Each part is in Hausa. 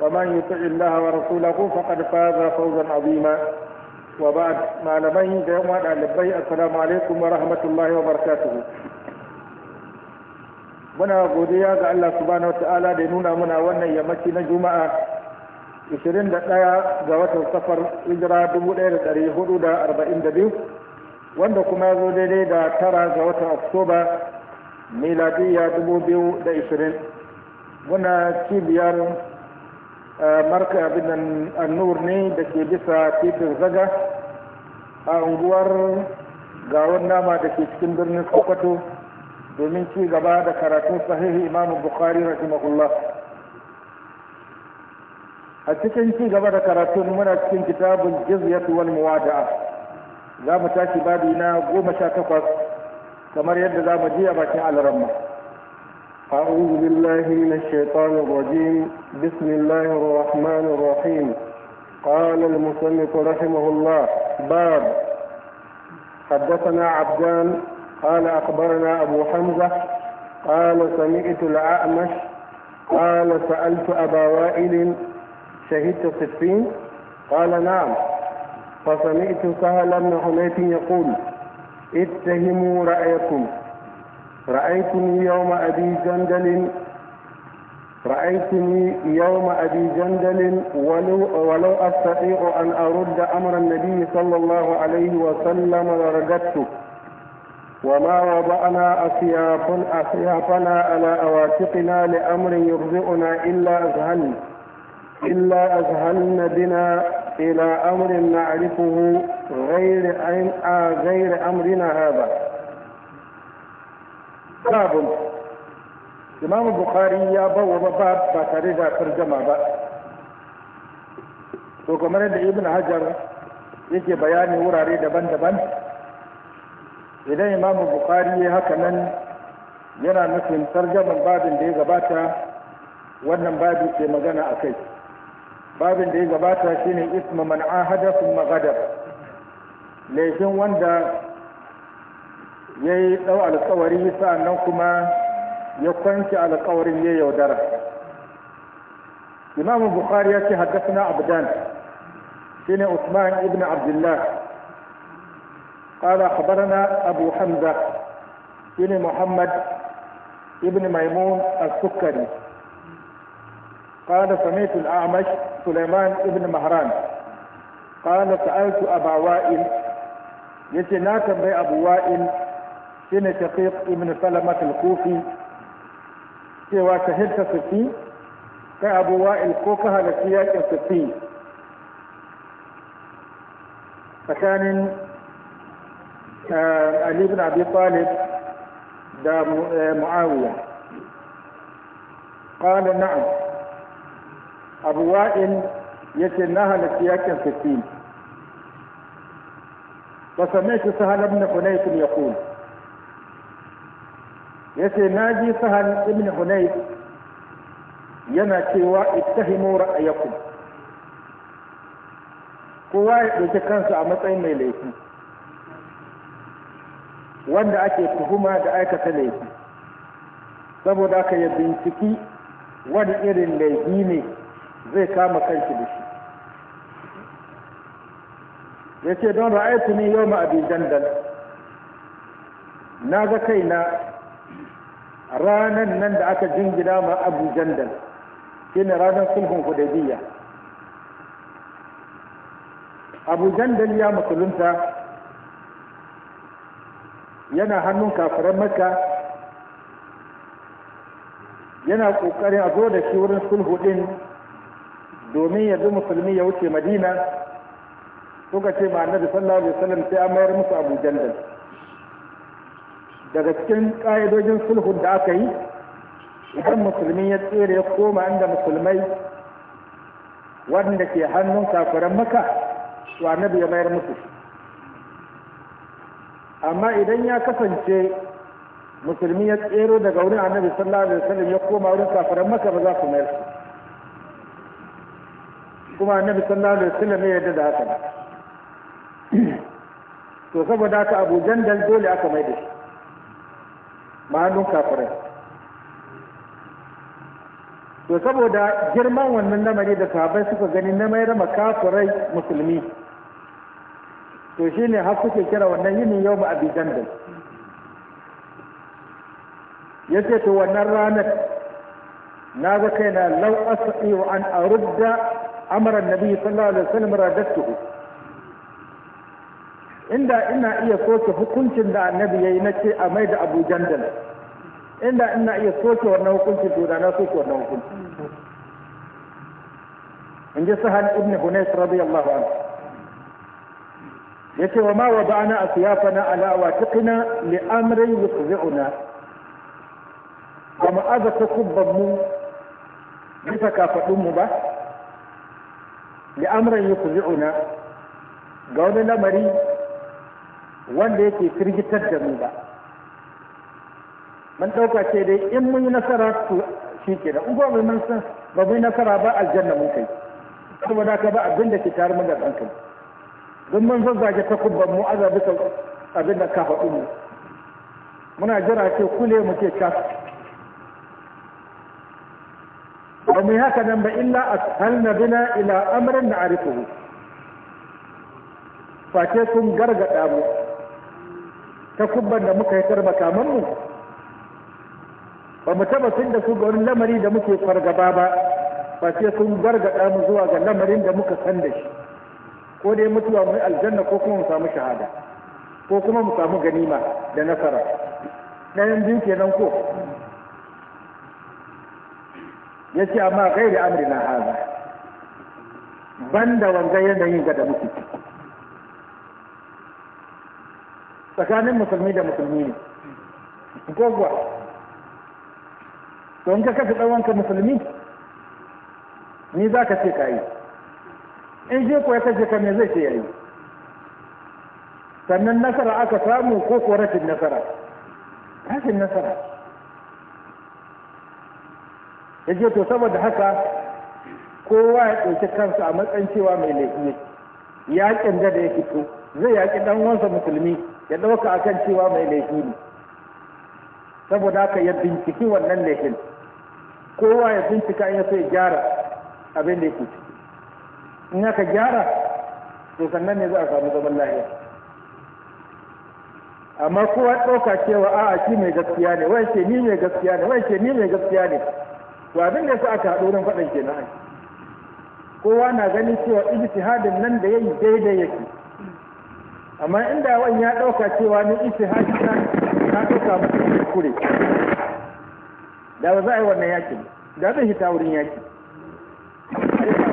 ومن يطع الله ورسوله فقد فاز فوزا عظيما وبعد ما لمن يوم لبي السلام عليكم ورحمة الله وبركاته muna godiya ga Allah subhanahu wata'ala da nuna muna wannan yammaci na juma'a 21 ga watan safar hijira 1442 wanda kuma ya zo daidai da tara ga watan oktoba miladiyya 2020 muna cibiyar marka abin nan annur ne da ke bisa titin zaga a unguwar gawon nama da ke cikin birnin sokoto domin ci gaba da karatun sahihi imamu bukhari rahimahullah a cikin ci gaba da karatun muna cikin kitabun jizyatu wal muwada'a za mu tashi babi na goma sha takwas kamar yadda za mu ji a bakin mu. أعوذ بالله من الشيطان الرجيم بسم الله الرحمن الرحيم قال المسلم رحمه الله باب حدثنا عبدان قال أخبرنا أبو حمزة قال سمعت الأعمش قال سألت أبا وائل شهدت صفين قال نعم فسمعت سهل بن حنيف يقول اتهموا رأيكم رأيتني يوم أبي جندل رأيتني يوم أبي جندل ولو, ولو أستطيع أن أرد أمر النبي صلى الله عليه وسلم لرددته وما وضعنا أسياف على أواسقنا لأمر يرزقنا إلا أذهل إلا أذهلن بنا إلى أمر نعرفه غير آه، غير أمرنا هذا babun imam bukhari ya bawa bab ba tare da tarjama ba to kamar da ibn hajar yake bayani wurare daban-daban idan imam bukhari ya haka nan yana nufin tarjaman babin da ya gabata wannan babi ke magana a kai babin da ya gabata shine ismu man ahada sun magadar laifin wanda yayi yi alƙawari alkawari sa'annan kuma ya kwanci alƙawarin yayi yaudara Imam bukhari ya ce haddasa abdan shine Uthman ibn abdullah qala قال أخبرنا أبو حمزة بن محمد بن ميمون السكري قال سمعت الأعمش سليمان بن مهران قال سألت أبا وائل يتي لا تنبي أبو وائل shine shaqiq ibn salamat al-kufi cewa shahidta sufi kai abu wa'il ko ka halarci yakin sufi tsakanin ali ibn abi talib da muawiya qala na'am abu wa'il yace na halarci yakin sufi وسمعت سهل بن حنيف يقول Ya ce na ji sahan ibn hunayf yana cewa ittahimu ra'ayakum kowa ya ɗauki kansa a matsayin mai laifi wanda ake tuhuma da aikata laifi saboda aka ya binciki wani irin laifi ne zai kama kanshi da shi ya ce don ra'ayatu ne yau ma abin dandal na ga kaina ranan nan da aka jingina ma abu jandal ne ranar sulhun hudaybiya abu jandal ya musulunta yana hannun kafiran maka yana ƙoƙarin a zo da shi wurin sulhu ɗin domin ya musulmi ya wuce madina suka ce ma annabi sallallahu alaihi wasallam sai an musu abu jandal daga cikin ƙa'idojin sulhun da aka yi idan musulmi ya tsere ya koma inda musulmai wanda ke hannun kafiran maka to annabi ya mayar musu amma idan ya kasance musulmi ya tsero daga wurin annabi sallallahu alaihi wasallam ya koma wurin kafiran maka ba za su mayar su kuma annabi sallallahu alaihi wasallam ya yarda da haka to saboda haka abu jandal dole aka mai da shi ma'anun kafirai to saboda girman wannan lamari da sahabai suka gani na mayar makafirai musulmi to shine har suke kira wannan yinin yau ba abi ya yace to wannan ranar na ga kaina lau asai wa an arudda amara nabi sallallahu alaihi wasallam radatuhu inda ina iya soke hukuncin da annabi ya yi na ce a mai da abu jandal inda ina iya soke wannan hukuncin to da na soke wannan hukuncin in ji sahan ibn hunais radiyallahu anhu ce wa ma wada'na asyafana ala watiqina li amrin yuqzi'una kuma aza ta kubban mu bisa kafadun mu ba li amrin yuqzi'una ga wani lamari wanda yake firgitar da mu ba mun ɗauka ce dai in mun yi nasara to shi ke da uba mai mulkin ba mai nasara ba aljanna mun kai da ka ba abin da ke tare mu da hankali don mun zazzage takubban mu azabi ka abin da ka faɗi mu muna jira ce kule mu ce ka ba mu yi haka nan ba illa na bina ila amrin na arifuhu face sun gargada mu ta kubban da muka kaman mu? ba mu taba sun da su ga wani lamari da muke fargaba ba ba sai sun gargada mu zuwa ga lamarin da muka san da shi ko dai mutuwa mu aljanna ko kuma mu samu shahada ko kuma mu samu ganima da nasara yin biyu kenan ko ya ce amma gairi na haza da wanga yanayin ga da muke ciki tsakanin musulmi da musulmi ne ko kuwa to in ka kashe ɗawanka musulmi ni za ka ce ka yi in je ko ya kashe ka me zai ce ya yi sannan nasara aka samu ko ko rashin nasara rashin nasara ya ce to saboda haka kowa ya ɗauki kansa a matsayin cewa mai laifi yakin da da ya fito zai yaki dan wansa musulmi ya dauka akan cewa mai laifi ne saboda haka ya binciki wannan laifin kowa ya bincika in so ya gyara abin da yake ciki in aka gyara to sannan ne za a samu zaman lafiya amma kowa ɗauka cewa a'a shi mai gaskiya ne wai ce ni mai gaskiya ne wai ce ni mai gaskiya ne to abin da yasa aka haɗu wurin faɗan kenan ai kowa na ganin cewa ijtihadin nan da yayi daidai yake amma inda wani ya ɗauka cewa ni ijtihadi na na ɗauka mutum kure da ba za a yi wannan yakin da zai hita wurin yaki sai ba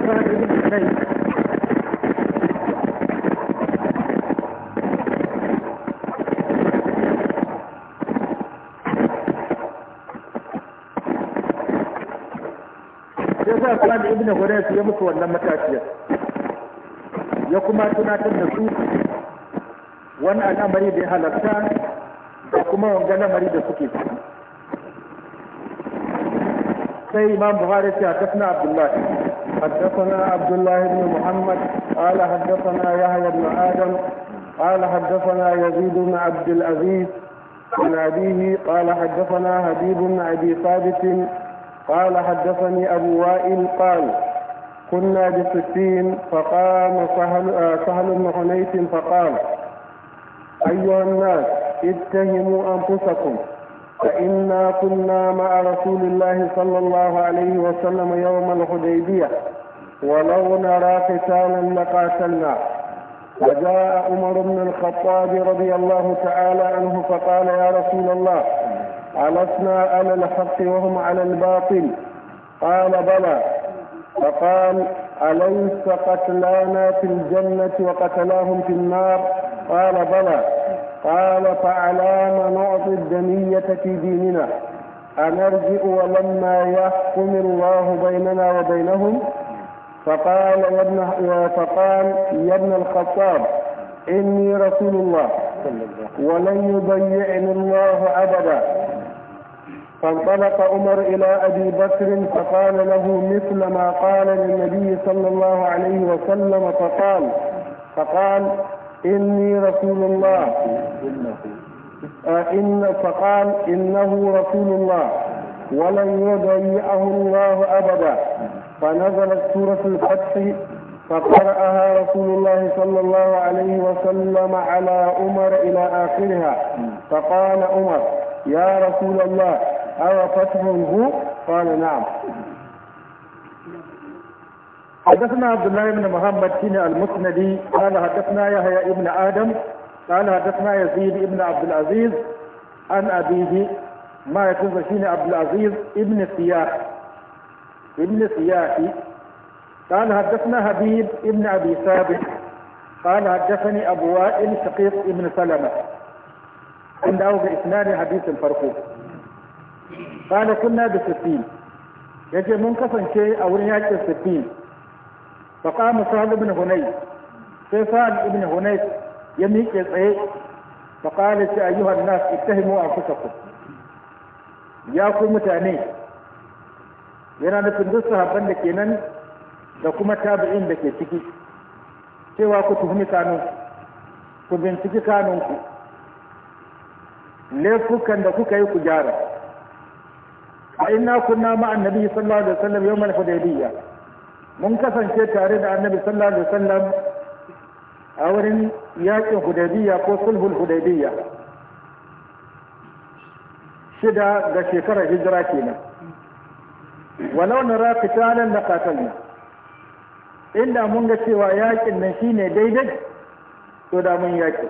sa da Sufyan ibn Hunayf ya musu wannan matashiyar ya kuma tunatar da su wani al'amari da ya halarta da kuma wanga mari da suke ciki sai imam buhari ya haddasna abdullahi haddasana abdullahi ibn muhammad قال حدثنا يحيى بن ادم قال حدثنا يزيد بن عبد العزيز عن ابيه قال حدثنا حبيب بن ابي ثابت قال حدثني أبو وائل قال كنا بستين فقام سهل, سهل بن حنيف فقال أيها الناس اتهموا أنفسكم فإنا كنا مع رسول الله صلى الله عليه وسلم يوم الحديبية ولو نرى قتالا لقاتلنا وجاء عمر بن الخطاب رضي الله تعالى عنه فقال يا رسول الله ألسنا على الحق وهم على الباطل قال بلى فقال أليس قتلانا في الجنة وقتلاهم في النار قال بلى قال فعلام نعطي الدنية في ديننا أنرجع ولما يحكم الله بيننا وبينهم فقال يا ابن فقال يا ابن الخطاب إني رسول الله ولن يضيعني الله أبدا فانطلق عمر إلى أبي بكر فقال له مثل ما قال للنبي صلى الله عليه وسلم فقال فقال إني رسول الله آه، إن فقال إنه رسول الله ولن يضيعه الله أبدا فنزلت سورة الفتح فقرأها رسول الله صلى الله عليه وسلم على عمر إلى آخرها فقال عمر يا رسول الله أو قتله قال نعم حدثنا عبد الله بن محمد بن المسندي قال حدثنا يحيى ابن آدم قال حدثنا يزيد بن عبد العزيز عن أبيه ما يكون شين عبد العزيز ابن سياح ابن سياحي قال حدثنا حبيب ابن أبي ثابت قال حدثني أبو وائل شقيق ابن سلمة عنده بإثنان حديث الفرقوق kana kunna da sittin ce mun kasance a wurin yakin sittin fa qama sa'ad ibn hunay sai sa'ad ibn hunay ya miƙe tsaye fa qala ta ayyuhan nas ittahimu anfusakum ya ku mutane yana nufin duk sahabban da kenan da kuma tabi'in da ke ciki cewa ku tuhumi kanu ku binciki kanunku laifukan da kuka yi ku gyara a ina kunna ma annabi sallallahu alaihi wasallam yawmal mun kasance tare da annabi sallallahu alaihi a wurin yakin hudaybiyya ko sulhul hudaybiyya shida ga shekarar hijira kenan walau nara qitalan la qatalna inda mun ga cewa yakin nan shine daidai to da mun yaki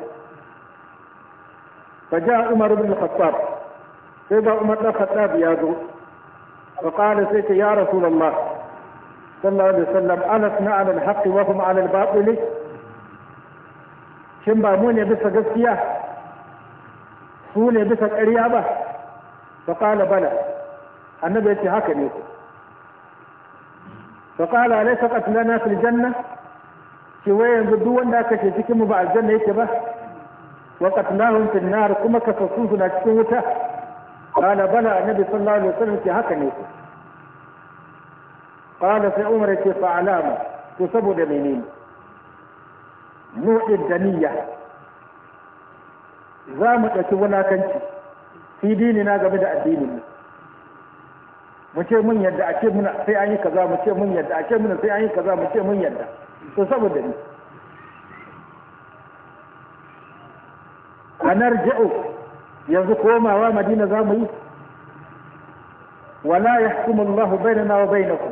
fa ja umar ibn al-khattab sai ga umar ibn al ya zo فقال سيدي يا رسول الله صلى الله عليه وسلم ألسنا على الحق وهم على الباطل شنبا موني بس قسكية سوني بس الرياضة فقال بلى النبي اتهاك اليوم فقال أليس قتلنا في الجنة شوين بدون ذاك تكموا بعد الجنة يتبه وقتلناهم في النار كما كفصوصنا تكوتها قال بلى النبي صلى الله عليه وسلم في هكني قال في عمر في فعلامة تصب دمينين نوع الدنية za mu ɗauki wulakanci fi na game da addinin mu mu ce mun yadda a ce muna sai an yi kaza mu ce mun yadda a ce muna sai an yi kaza mu ce mun yadda to saboda ni anar ji'u yanzu komawa madina za mu yi wala ya hukumu Allah na wa bainakum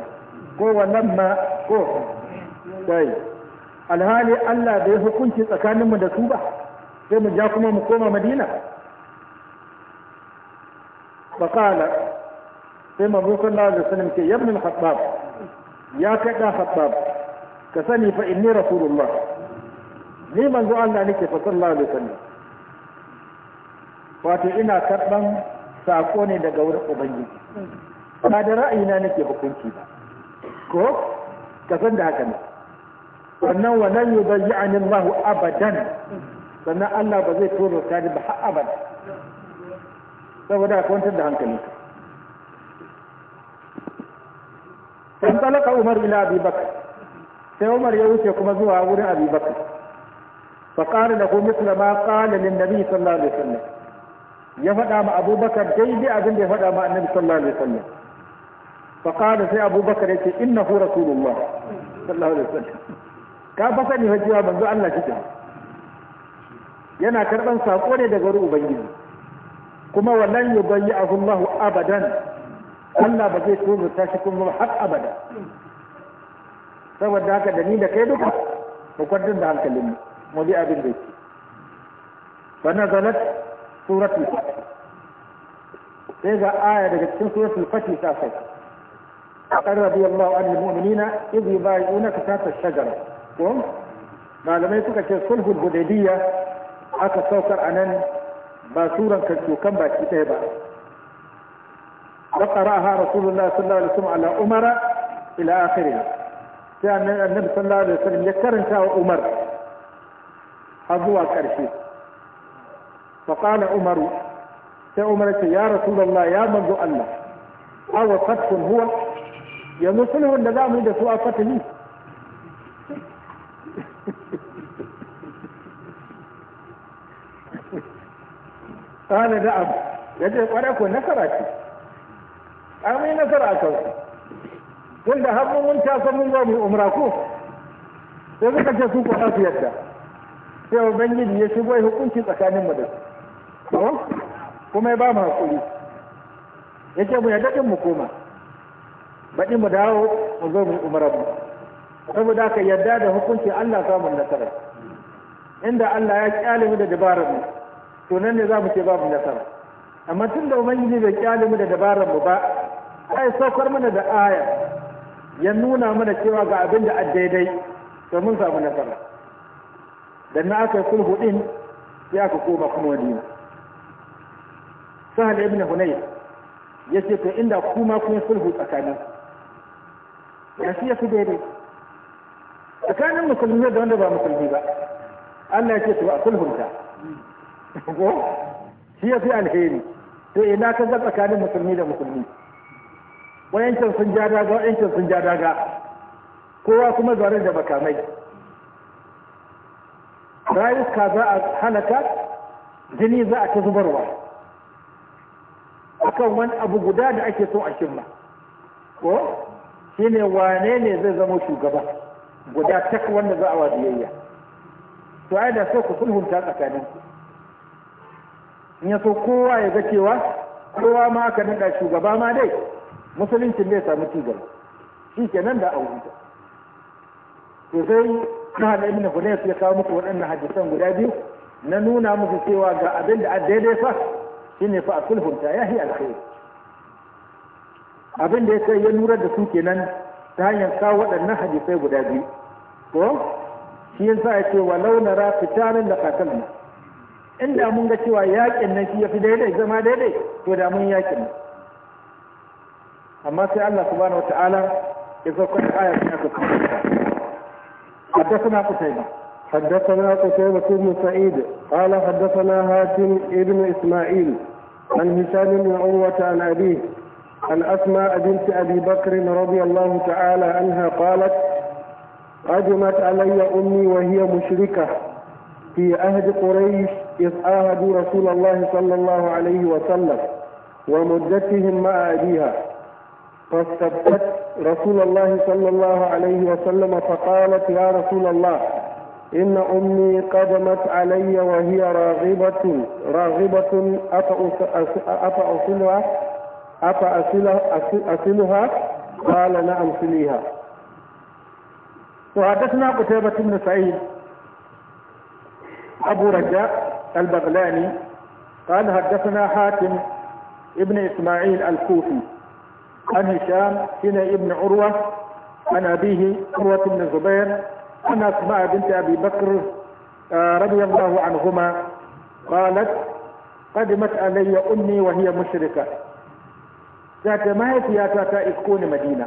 ko wannan ma ko dai alhali Allah bai hukunci tsakaninmu da su ba sai mu ja kuma mu koma madina فقال سيما صلى الله عليه وسلم يا ابن الخطاب يا كدا ka sani fa inni الله لمن ذو allah نكي فصلى الله عليه وسلم wato ina karɓan sako ne daga wurin ubangiji ba da ra'ayina nake hukunci ba ko ka san da haka ne wannan wannan yi bai yi Allahu abadan sannan Allah ba zai tura ta ba har abada saboda kwantar da hankali sun talaka Umar ila Abi Bakar sai Umar ya wuce kuma zuwa wurin Abi Bakar fa qala lahu mithla ma qala lin nabi sallallahu alaihi wasallam ya faɗa ma abubakar daidai abin da ya faɗa ma annabi sallallahu alaihi wasallam fa qala sai abubakar yace innahu rasulullah sallallahu alaihi wasallam ka fa sani hajiya manzo Allah kike yana karban sako ne daga ruhu ubangiji kuma wallan yubayyi'ahu Allah abadan Allah ba zai tozurta shi kuma har abada saboda haka da ni da kai duka mu kwantar da hankalinmu mu bi abin da yake fa nazalat سورة الفتح إذا آية لكتن سورة الفتح سأفت قال رضي الله عن المؤمنين إذ يبايعونك تحت الشجرة قم ما لم يتوقع كالصلح الهديدية حتى سوكر عنان باسورا كم باكتابا وقرأها رسول الله صلى الله عليه وسلم على أمر إلى آخرها كان النبي صلى الله عليه وسلم يكرن كاو أمر أبوها كارشيه فقال عمر عمر يا رسول الله يا منذ الله أو فتح هو يمثله النظام إذا سوى فتني قال نعم يجب أن أكون نكرتي أمي نكر أكوتي tunda har mun ta mun zo mu umra ko sai suka ce su ko za su yadda sai ubangiji ya shigo hukunci tsakanin mu da su kuma ya ba mu hakuri ya ce mu yadda din mu koma baɗi mu dawo mu zo mu umara mu saboda haka yadda da hukunci Allah samun nasara inda Allah ya kyale mu da dabarar mu to nan ne za mu ce ba mu nasara amma tun da ubangiji bai kyale mu da dabarar mu ba yi saukar mana da aya ya nuna mana cewa ga abin da daidai to mun samu nasara dan na aka sulhu din sai aka koma kuma wani sahal ibn hunay ya ce to inda kuma kun sulhu tsakanin ya shi ya fi daidai tsakanin musulmi da wanda ba musulmi ba Allah ya ce to a sulhunta ko shi ya fi alheri to ina ka ga tsakanin musulmi da musulmi wayancin sun ja daga wayancin sun ja daga kowa kuma zaune da makamai rayuka za a halaka jini za a ta zubarwa akan wani abu guda da ake so a cimma ko shine wane ne zai zama shugaba guda tak wanda za a wadiyayya to ai da so ku sulhunta tsakanin ku in ya so kowa ya ga cewa kowa ma aka naɗa shugaba ma dai musuluncin zai samu cigaba shi kenan da auri to sai na hada ibn hunayf ya kawo muku waɗannan hadisan guda biyu na nuna muku cewa ga abin da daidai fa shine fa a sulhunta ya yi alkhairi abin da ya sai ya lura da su kenan ta hanyar kawo waɗannan hadisai guda biyu to shi yasa ya ce walau nara fitanin da qatalna inda mun ga cewa yakin nan shi yafi daidai zama daidai to da mun yakin nan amma sai Allah subhanahu wataala ya saukar da ayar da ta kawo حدثنا قتيبة حدثنا قتيبة بن سعيد قال حدثنا هاشم ابن إسماعيل عن هشام بن عروة عن أبيه عن أسماء بنت أبي بكر رضي الله تعالى عنها قالت قدمت علي أمي وهي مشركة في عهد قريش إذ عاهدوا رسول الله صلى الله عليه وسلم ومدتهم مع أبيها فاستبدت رسول الله صلى الله عليه وسلم فقالت يا رسول الله إن أمي قدمت علي وهي راغبة راغبة أفأصلها أفأصلها قال نعم صليها وحدثنا قتيبة بن سعيد أبو رجاء البغلاني قال حدثنا حاتم ابن إسماعيل الكوفي عن هشام بن ابن عروة عن أبيه عروة بن زبير عن أسماء بنت أبي بكر آه، رضي الله عنهما قالت قدمت علي أمي وهي مشركة ذات ما هي اتاتا اسكون مدينة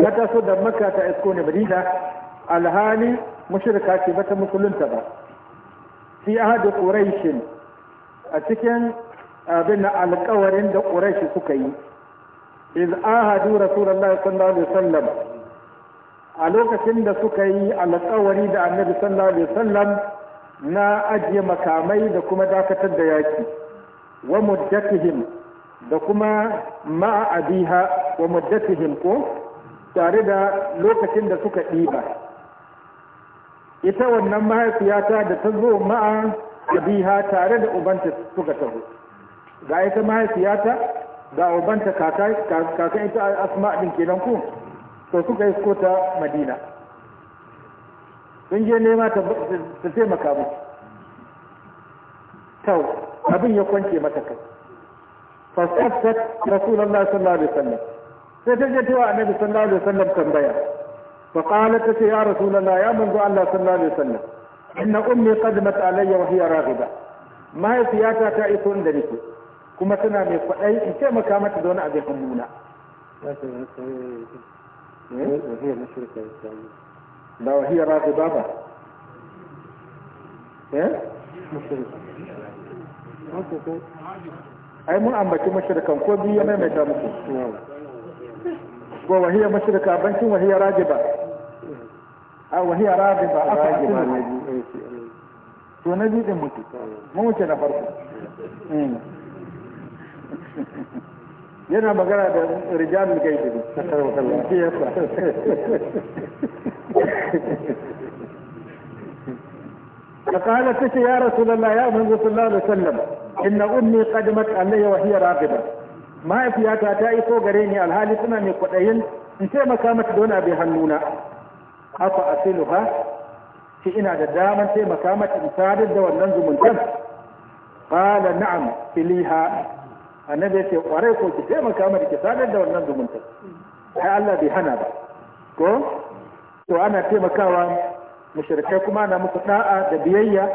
لا تسود مكة تأسكون مدينة الهالي مشركة كبت مسلم تبا في أهد قريش أتكن بين آه، القورين دا قريش سكي إذ آهدوا رسول الله صلى الله عليه وسلم a lokacin da suka yi alƙawari da annabi sallallahu alaihi wasallam na ajiye makamai da kuma dakatar da yaki wa muddatihim da kuma ma'a abiha wa muddatihim ko tare da lokacin da suka ɗiba ita wannan mahaifiyata da ta zo ma'a abiha tare da ubanta suka taho ga ita mahaifiyata ga ubanta kaka ita asma kenan ko sai suka yi ta madina sun je nema ta taimaka musu tau abin ya kwance mata kai fasafat rasulullah sallallahu alaihi wasallam sai ta je tawa annabi sallallahu alaihi wasallam tambaya fa qalat ta ya rasulullah ya manzo Allah sallallahu alaihi wasallam inna ummi qadmat alayya wa hiya raghiba mahaifiyata ta iso inda nake kuma tana mai kwaɗayi in taimaka mata da wani abin hannuna وهي مشركة إسلامية لا وهي راغبة بابا مشركة ai mun ambaci mashirkan ko biyu ya maimaita muku ko wahiya mashirka bankin wahiya a wahiya rajiba aka rajiba na biyu to na biyu mutu mun wuce na farko yana magana da rijalul gaibi ne shi yasa فقالت تشي يا رسول الله يا من صلى الله عليه وسلم إن أمي قدمت علي وهي راغبة ما في أتا تايكو غريني الحالي سنة من قدين إن شاء ما كامت دون أبي هنونا أفأسلها في إنا داما شيء ما كامت إنسان الدول ننزم الجنة قال نعم إليها annabi ya ce kwarai ko ki taimaka mata ki sadar da wannan zumunta ai Allah bai hana ba ko to ana taimakawa mushrikai kuma ana musu da'a da biyayya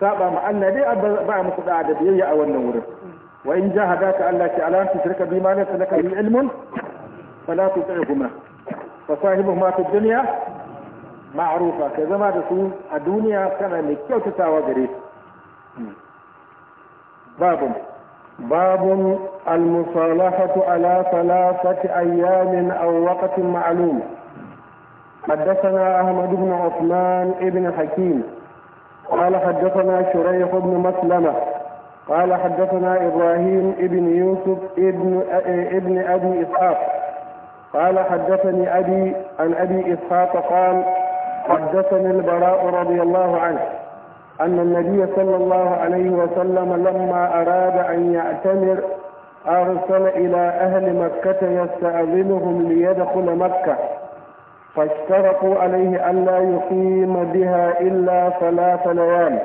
saba ma Allah dai ba a musu da'a da biyayya a wannan wurin wa in jahadaka Allah ta ala tusrika bima laysa laka bi ilmun fala tuti'huma fa sahibuhuma fi dunya ma'rufa ka zama da su a duniya kana mai kyautatawa gare su hmm. babu باب المصالحة على ثلاثة أيام أو وقت معلوم حدثنا أحمد بن عثمان بن حكيم قال حدثنا شريح بن مسلمة قال حدثنا إبراهيم بن يوسف بن ابن أبي إسحاق قال حدثني أبي عن أبي إسحاق قال حدثني البراء رضي الله عنه أن النبي صلى الله عليه وسلم لما أراد أن يعتمر أرسل إلى أهل مكة يستأذنهم ليدخل مكة فاشترطوا عليه ألا يقيم بها إلا ثلاث ليال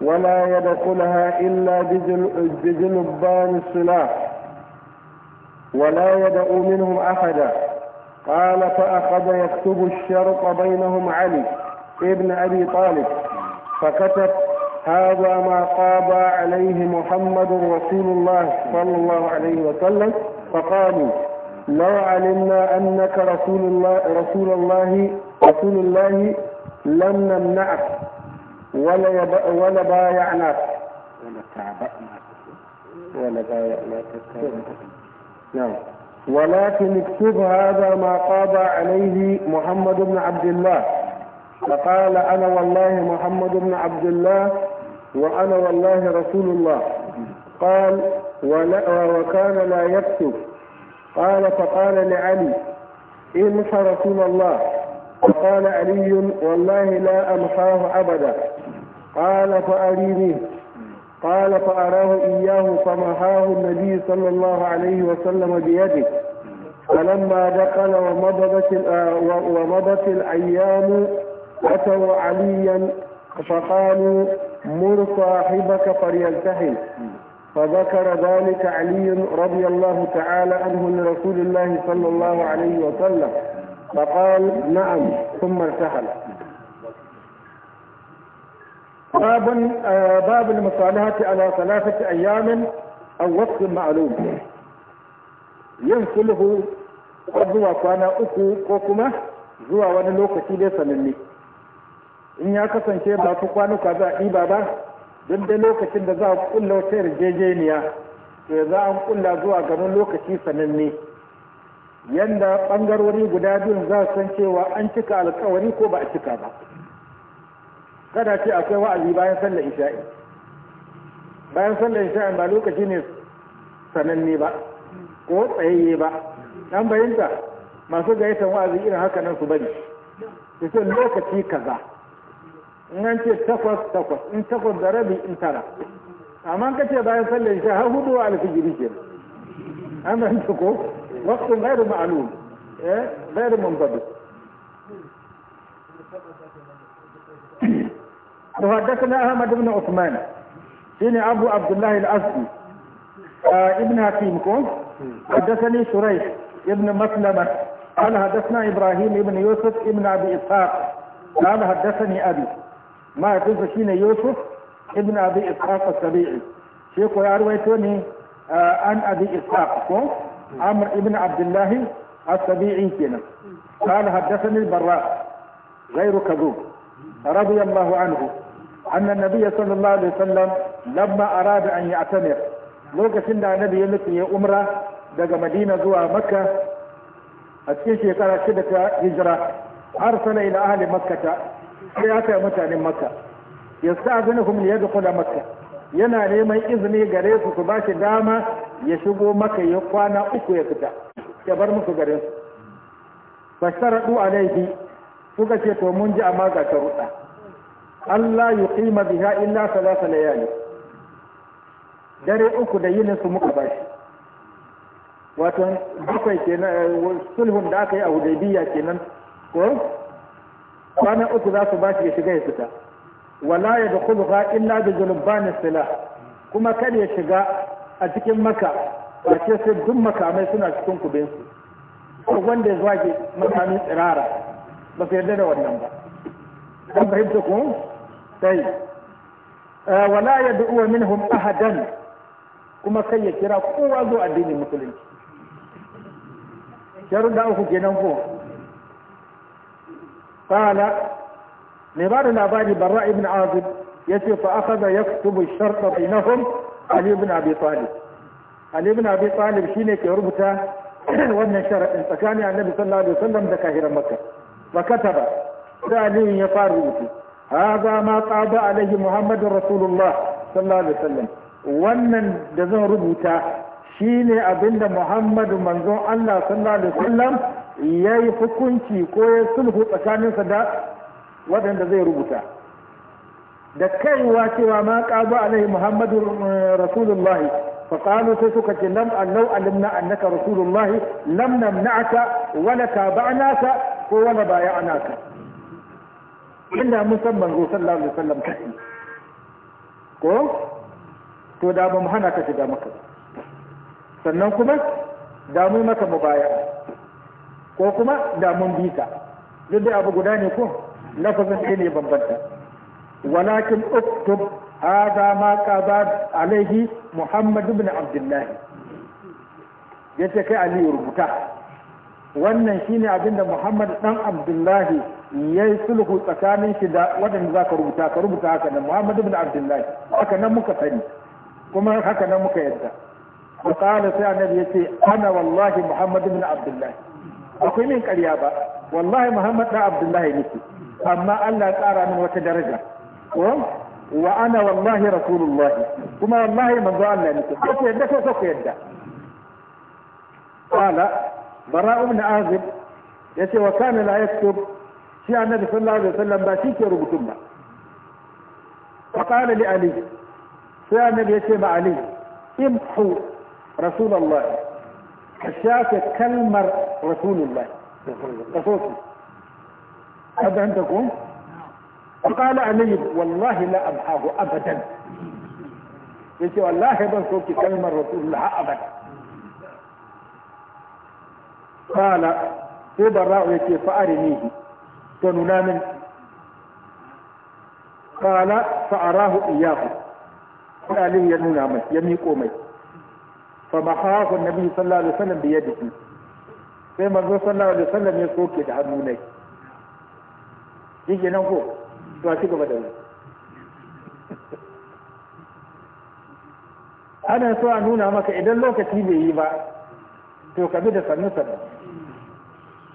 ولا يدخلها إلا بجنبان السلاح ولا يدعو منهم أحدا قال فأخذ يكتب الشرط بينهم علي ابن أبي طالب فكتب هذا ما قاب عليه محمد رسول الله صلى الله عليه وسلم فقالوا لو علمنا أنك رسول الله رسول الله رسول الله لم نمنعك ولا ولا بايعناك ولا نعم ولكن اكتب هذا ما قاب عليه محمد بن عبد الله فقال أنا والله محمد بن عبد الله وأنا والله رسول الله قال ولا وكان لا يكتب قال فقال لعلي إنحى رسول الله فقال علي والله لا أمحاه أبدا قال فأريني قال فأراه إياه فمحاه النبي صلى الله عليه وسلم بيده فلما دخل ومضت آه، ومضت الأيام أتوا عليا فقالوا مر صاحبك فليلتحم فذكر ذلك علي رضي الله تعالى عنه لرسول الله صلى الله عليه وسلم فقال نعم ثم ارتحل باب آه، باب المصالحة على ثلاثة أيام أو وقت معلوم ينسله قد وصانا أكو قوكما زوى ونلوك wani lokaci in ya kasance ba su kwanuka za a ɗiba ba don dai lokacin da za a kulla wata yarjejeniya to za a kulla zuwa ganin lokaci sananne yanda ɓangarori guda biyun za su san cewa an cika alkawari ko ba a cika ba kada ce akwai wa'azi bayan sallar isha'i bayan sallar isha'i ba lokaci ne sananne ba ko tsayayye ba an bayanta masu gayyatar wa'azi irin haka nan su bari su lokaci kaza in an ce takwas takwas in takwas da rabi in tara amma ka ce bayan sallar isha har hudu a alfijiri ke an ban ta ko waqtun ghairu ma'lum eh ghairu munfadi وحدثنا احمد بن عثمان شيني ابو عبد الله الازدي ابن حكيم كون حدثني شريح ابن مسلمه قال حدثنا ابراهيم ابن يوسف ابن ابي اسحاق قال حدثني ابي ما shine Yusuf يوسف ابن ابي اسحاق sabii shi ko ya rawaito ne an Abi Ishaq ko Amr ibn Abdullah al-Sabi'i قال حدثني البراء غير كذوب رضي الله عنه أن النبي صلى الله عليه وسلم لما أراد أن يعتمر لو سنة النبي يلقي أمرا دقى مدينة زوا مكة أتكيش يقرأ شدة هجرة أرسل إلى أهل مكة sai aka yi mutanen makka ya sa abin kuma ya dukula makka yana neman izini gare su su ba shi dama ya shigo maka ya kwana uku ya fita ya bar musu gare su fashtaradu alaihi suka ce to mun ji amma ga ruɗa Allah yuqima biha illa salasa layali dare uku da yinin su muka bashi wato bakwai kenan sulhun da aka yi a hudaybiya kenan ko kwana uku za su shi ya shiga ya fita wala ya da kulga illa da zulubbanin sila kuma kan ya shiga a cikin maka da ce sai duk makamai suna cikin kubinsu ko wanda ya zuwa makamin tsirara ba su yarda da wannan ba don fahimta ku sai eh, wala ya min minhum ahadan kuma kai ya kira kowa zo addinin musulunci sharuɗa uku kenan ko qala mai ba da labari barra ibn Ya ce fa akhadha yaktubu sharta bainahum ali ibn abi talib ali ibn abi talib shine ke rubuta wannan sharadin tsakanin annabi sallallahu alaihi wasallam da kahiran makka fa kataba da ali ya fara rubutu hadha ma qada alaihi wannan da zan rubuta shine abinda muhammadu manzon Allah sallallahu alaihi wasallam ya yi hukunci ko ya sulhu tsakaninsa da waɗanda zai rubuta da kaiwa cewa ma ƙazu alaihi muhammadu eh, rasulullah fa qalu sai suka ce lam allau alimna annaka rasulullah lam namna'aka wala tabanaka ko wala bay'anaka inda musamman san manzo sallallahu alaihi wasallam kai ko to da ba mu hana ka shiga maka sannan kuma da mu maka mubaya'a ko kuma da mun bi ka duk da abu guda ne ko lafazin ɗaya ne bambanta walakin uktub hadha ma qada alaihi muhammad ibn abdullah yace kai ali rubuta wannan shine abinda muhammad dan abdullah yayi sulhu tsakanin shi da wadanda zaka rubuta ka rubuta haka nan muhammad ibn abdullah haka nan muka sani kuma haka nan muka yadda qala sai annabi yace ana wallahi muhammad ibn abdullah akwai min ƙarya ba wallahi muhammad ɗan abdullahi nake amma allah ya ƙara min wata daraja wa ana wallahi rasulullahi kuma wallahi manzo allah nake ko ku yadda ko ku yadda qala bara ibn azib yace wa kana la yaktub shi annabi sallallahu alaihi wasallam ba shi ke rubutun ba fa qala li ali sai annabi yace ma ali imhu rasulullahi ka shafe رسول الله rasulullah هذا عندكم فقال علي والله لا أمحاه أبدا يقول والله بنصوك كلمة رسول الله أبدا قال في براء يتي فأرنيه تنونا من قال فأراه إياه قال لي ينونا من يميقو من fa mahahu annabi sallallahu alaihi wasallam bi yadihi sai manzo sallallahu alaihi wasallam ya soke da hannu ne yake nan ko to a ci gaba da ana so a nuna maka idan lokaci bai yi ba to ka bi da sannu sannu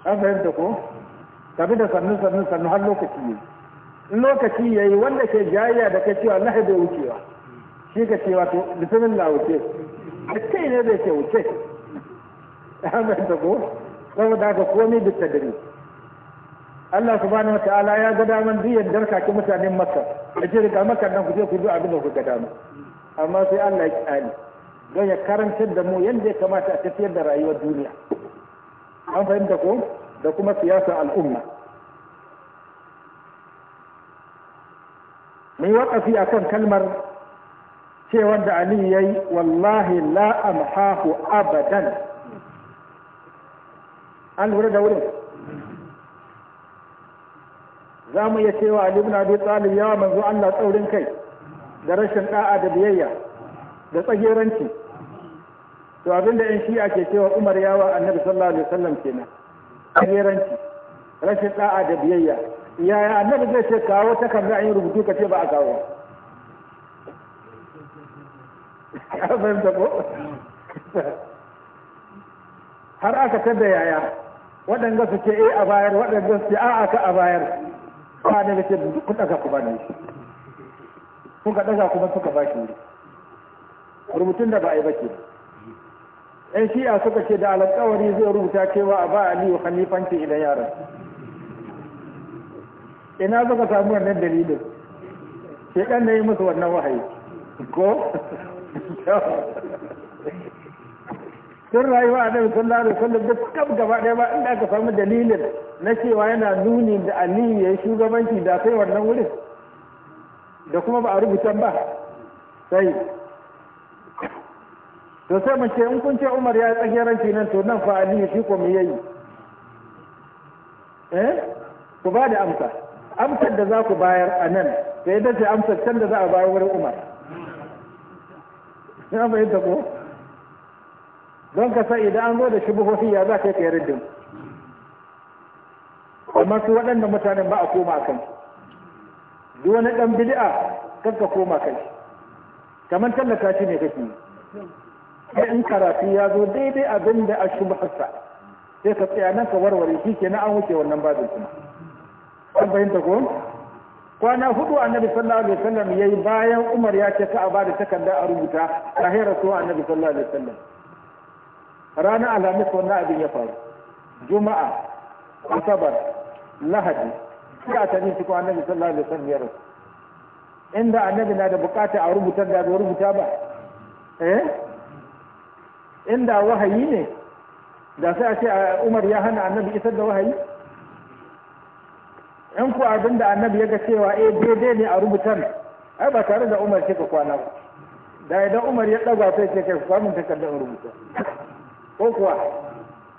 an fahimta ko ka bi da sannu sannu sannu har lokaci yi in lokaci ya yi wanda ke jayya da ka cewa na haɗe wucewa shi ka cewa to bismillah wuce da ne zai ce wuce amen ta ko saboda komi komai da tadari Allah subhanahu wataala ya ga daman biyan yardar kaki mutanen Makka a ce daga Makka nan ku je ku bi abin da ku ga dama amma sai Allah ya kyale don ya karantar da mu yadda ya kamata a tafiyar da rayuwar duniya an fahimta ko da kuma siyasar al'umma mai waƙafi akan kalmar ce da Ali ya yi wallahi la amhahu abadan an lura da wurin za mu iya cewa Ali ibn Abi Talib yawa manzo Allah tsaurin kai da rashin da'a da biyayya da tsageranci to abin da yan shi'a ke cewa Umar yawa Annabi sallallahu alaihi wasallam kenan tsageranci rashin da'a da biyayya yaya Annabi zai ce kawo takarda an yi rubutu ka ce ba a kawo fahimta ko har aka da yaya waɗanda su ke eh a bayar waɗanda su ke a ka a bayar ba da ke kun ɗaga ku ba ne ka ɗaga kuma suka ba shi rubutun da ba a yi ba ke ɗan shi'a suka ce da alƙawari zai rubuta cewa a ba aliyu halifanci idan yaran ina suka samu wannan dalilin sai ɗan na yi musu wannan wahayi ko sun rayuwa a nan sallallahu alaihi wasallam da kaf gaba ɗaya ba inda aka samu dalilin na cewa yana nuni da aliyu ya yi shugabanci da kai wannan wurin da kuma ba a rubutan ba sai to sai mu ce in kun ce umar ya tsagiranci nan to nan fa aliyu shi ko mu yayi eh ku ba da amsa amsar da za ku bayar a nan sai da ce amsar can da za a bayar wurin umar ina fahimta ko don ka sai idan an zo da shubuhohi ya za ka yi ka yi amma su waɗanda mutanen ba a koma kan duk wani ɗan bid'a kan ka koma kai kamar tallata shi ne kake sai in karatu ya zo daidai abin da a shubhasa sai ka tsaya nan ka warware shi kenan an wuce wannan babin kuma an fahimta ko kwana hudu annabi sallallahu alaihi wasallam yayi bayan Umar ya ce ka a da takarda a rubuta kafin a annabi sallallahu alaihi wasallam ranar alhamis wannan abin ya faru juma'a asabar lahadi sai ta ni cikin annabi sallallahu alaihi wasallam ya rasu inda annabi na da bukata a rubuta da ba rubuta ba eh inda wahayi ne da sai a ce Umar ya hana annabi isar da wahayi in ku abin da annabi ya ga cewa eh daidai ne a rubutan ai ba tare da umar ke kwana ba da idan umar ya ɗaga sai ce kai kwamin takardar rubuta ko kuwa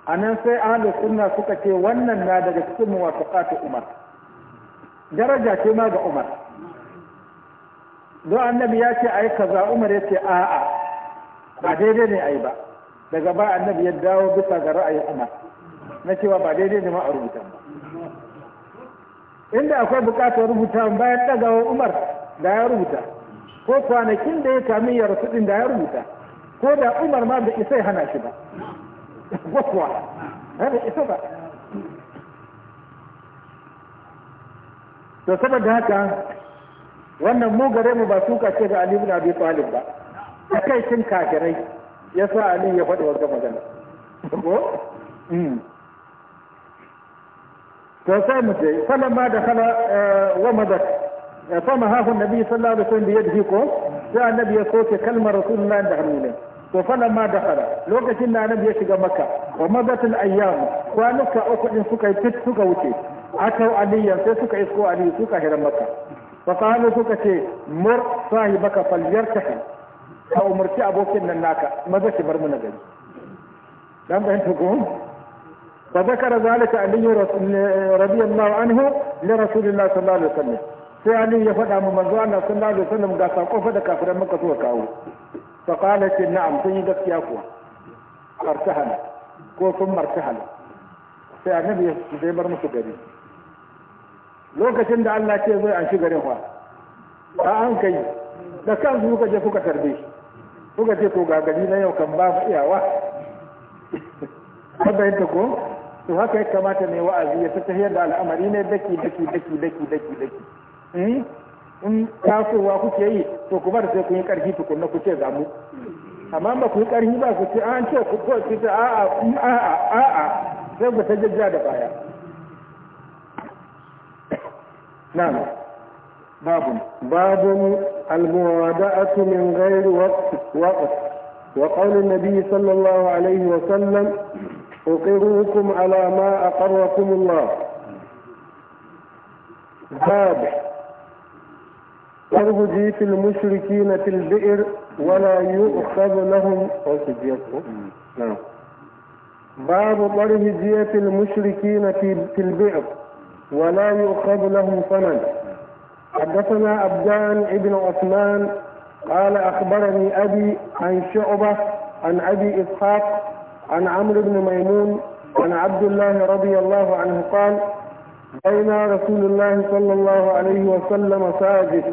a nan sai ahlu sunna suka ce wannan na daga cikin ƙafi umar daraja ce ma ga umar don annabi ya ce ai kaza umar ya ce a'a ba daidai ne ai ba daga ba annabi ya dawo bisa ga ra'ayin umar na cewa ba daidai ne ma a rubuta ba inda akwai bukatar rubuta bayan ɗagawa umar da ya rubuta ko kwanakin da ya kami ya rasu da ya rubuta ko da umar ma da isai hana shi ba kuwa hana isa ba to saboda haka wannan mu gare mu ba suka ce ga Ali ibn Abi Talib ba kai cin kafirai yasa Ali ya faɗi wannan magana ko hmm. to sai mu ce falan ma da kala eh, wa madak eh, nabi sallallahu alaihi wasallam ko sai annabi ya soke kalmar rasulullahi da hannu ne to falan ma lokacin da annabi ya shiga makka wa madatul ayyam kwanuka uku din suka yi fit suka wuce akau aliyan sai suka isko ali suka hira makka fa qalu suka ce mur sahibaka falyartahi ka umarci abokin nan naka maza ki bar mu na gari dan bayan فذكر ذلك علي رضي الله عنه لرسول الله صلى الله عليه وسلم sai Ali ya faɗa mu manzo Allah sallallahu alaihi wasallam ga da kafiran Makka suka kawo fa qala ce na'am sun yi gaskiya martahala ko martahala sai annabi ya zai bar musu gari lokacin da Allah ce zai an garin fa ba an kai da kansu suka je suka tarbe shi suka ce to ga na yau kan ba iyawa kada yadda ko to haka ya kamata mai wa'azi ya tafiyar da al'amari ne daki daki daki daki daki daki eh? in tasowa kuke yi to ku bar sai kun yi karfi tukunna ku ce zamu amma ba ku yi karfi ba ku ce ah, an ce ku ko ku ce a'a a'a a'a sai ku ta jajja da baya na'am babu babu al-muwada'atu min ghairi waqt waqt wa an nabi sallallahu alaihi wa sallam أقروكم على ما أقركم الله باب تربجي في المشركين في البئر ولا يؤخذ لهم نعم باب جية المشركين في البئر ولا يؤخذ لهم ثمن حدثنا أبدان ابن عثمان قال أخبرني أبي عن شعبة عن أبي إسحاق عن عمرو بن ميمون عن عبد الله رضي الله عنه قال بين رسول الله صلى الله عليه وسلم ساجد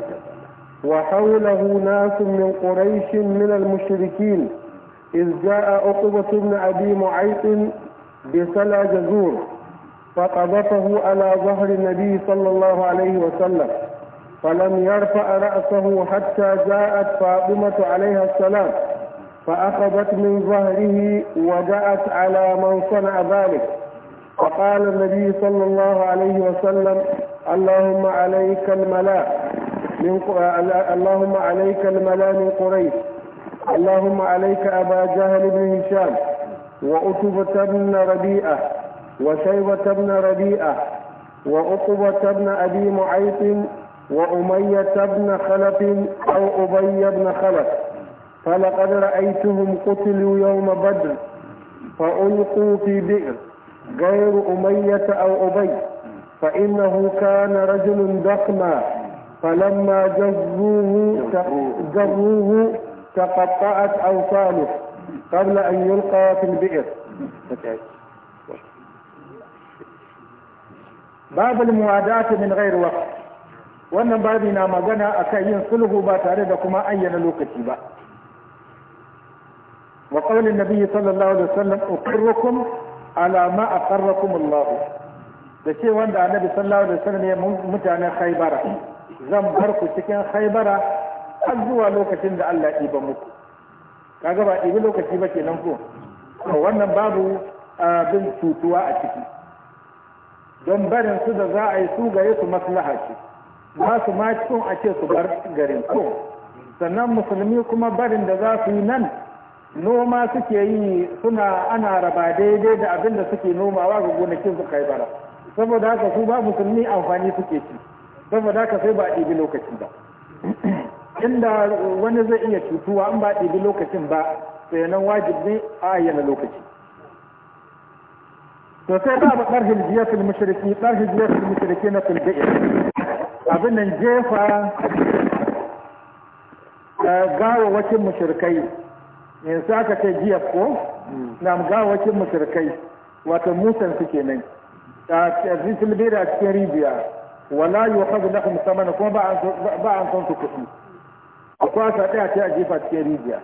وحوله ناس من قريش من المشركين إذ جاء عقبة بن أبي معيط بسلى جزور فقذفه على ظهر النبي صلى الله عليه وسلم فلم يرفع رأسه حتى جاءت فاطمة عليها السلام فأخذت من ظهره ودعت على من صنع ذلك فقال النبي صلى الله عليه وسلم اللهم عليك الملاء من اللهم عليك الملاء من قريش اللهم عليك أبا جهل بن هشام وأتبة بن ربيئة وشيبة بن ربيئة وعقبة بن أبي معيط وأمية بن خلف أو أبي بن خلف فلقد رأيتهم قتلوا يوم بدر فألقوا في بئر غير أمية أو أبي فإنه كان رجل ضخما فلما جروه جروه تقطعت أوصاله قبل أن يلقى في البئر باب المواداة من غير وقت wannan babi na magana akan yin sulhu ba tare da kuma ayyana lokaci ba وقول النبي صلى الله عليه وسلم أقركم على ما أقركم الله da ce wanda annabi sallallahu alaihi wasallam ya mutanen khaybara zan bar ku cikin khaybara har zuwa lokacin da Allah ya ba muku kaga ba ibi lokaci ba kenan ko to wannan babu bin tutuwa a ciki don barin su da za a yi su gare su maslaha ce ba su ma cikin a ce su bar garin ko sannan musulmi kuma barin da za su yi nan noma suke yi suna ana raba daidai da abin da suke nomawa ga gonakin su kai bara saboda haka su ba musulmi amfani suke ci saboda haka sai ba a ɗibi lokaci ba inda wani zai iya cutuwa in ba ɗibi lokacin ba sai nan ne a ayyana lokaci to sai ba ba ƙarfin jiyatul mushriki ƙarfin jiyatul mushriki na filbi'ir abin nan jefa eh, wacin mushrikai yanzu aka ce jiya ko hmm. na gawakin musirkai wato musan su kenan a cikin bera cikin ribiya. wala yi wata na kuma samana kuma ba an son su kuɗi a kwasa ɗaya ce a jefa cikin ribiya.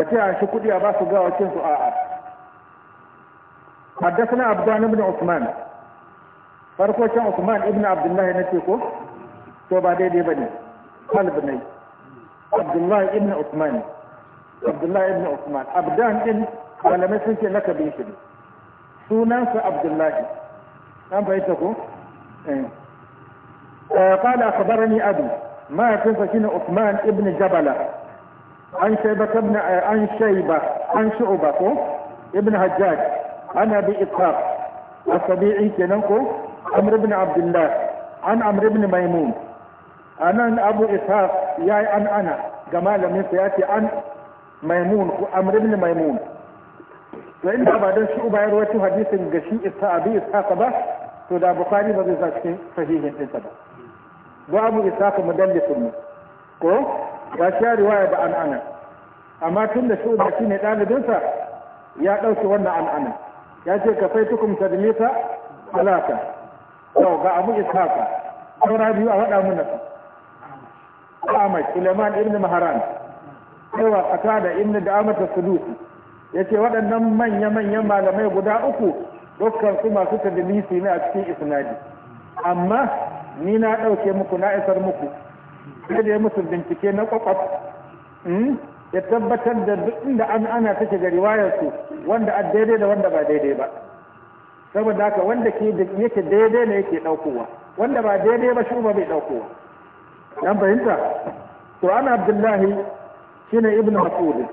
a ce a shi kuɗi a ba su gawakin su a'a حدثنا عبدان بن عثمان farko can Usman ibn Abdullahi na ce ko to ba daidai ba ne ne Abdullahi ibn Usman Abdullahi ibn Usman Abdan din malamai sun ce na kabe ne sunansa Abdullahi an fahimta ko eh, eh qala akhbarani abi ma kunta kina Usman ibn Jabala an shayba ibn eh, an shayba ko ibn Hajjaj ana bi ikraf asabi'i kenan ko Amr ibn Abdullah an Amr ibn Maymun anan Abu Ishaq yayi an ana ga malamin sa yace an maimun ko amr ibn maimun to inda ba dan shi ubayar ya hadisin ga shi abi ba to da bukhari ba zai sa cikin sahihin din ba don abu ishaqa mudallisun ne ko ya sha riwaya da an'ana amma tun da shi ne shine sa ya dauke wannan an'ana ya ce ka tukum tadlisa alaka to ga abu isaka. saura biyu a wada mun nasa Ahmad Suleiman ibn Maharan cewa da amata da'amata sudusi yace waɗannan manya manyan malamai guda uku dukkan su masu tadlisi ne a cikin isnadi amma ni na ɗauke muku na isar muku sai da ya musu bincike na kwakwaf hmm? ya tabbatar da duk inda an ana take ga riwayarsu wanda a daidai da wanda ba daidai ba saboda haka wanda ke yake daidai ne yake ɗaukowa wanda ba daidai ba shi ba bai ɗaukowa dan fahimta to ana abdullahi shine ibn mas'ud